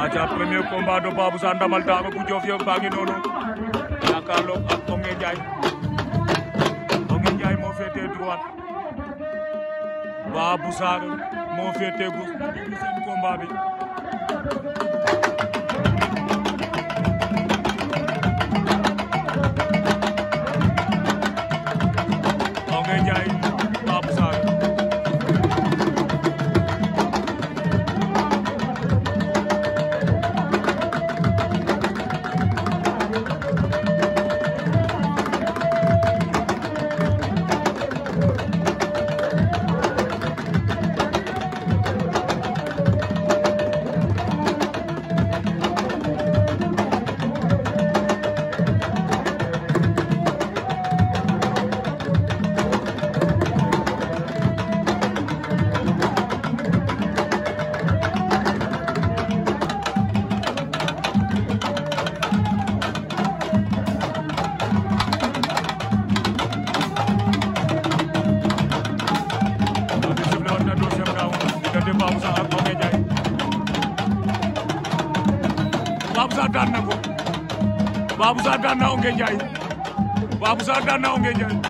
aca premier combat de Babou Sarr ndamal bu Diofior baa ngi noonu jàkkaarloo ak Ongué Ndiaye Ongué Ndiaye moo féetee droite Babou Sarr moo féetee gauche na déglu seen combat diggante Babou Sarr ak Bokay Ndiaye Babou Sarr daan na ko Babou Sarr daan na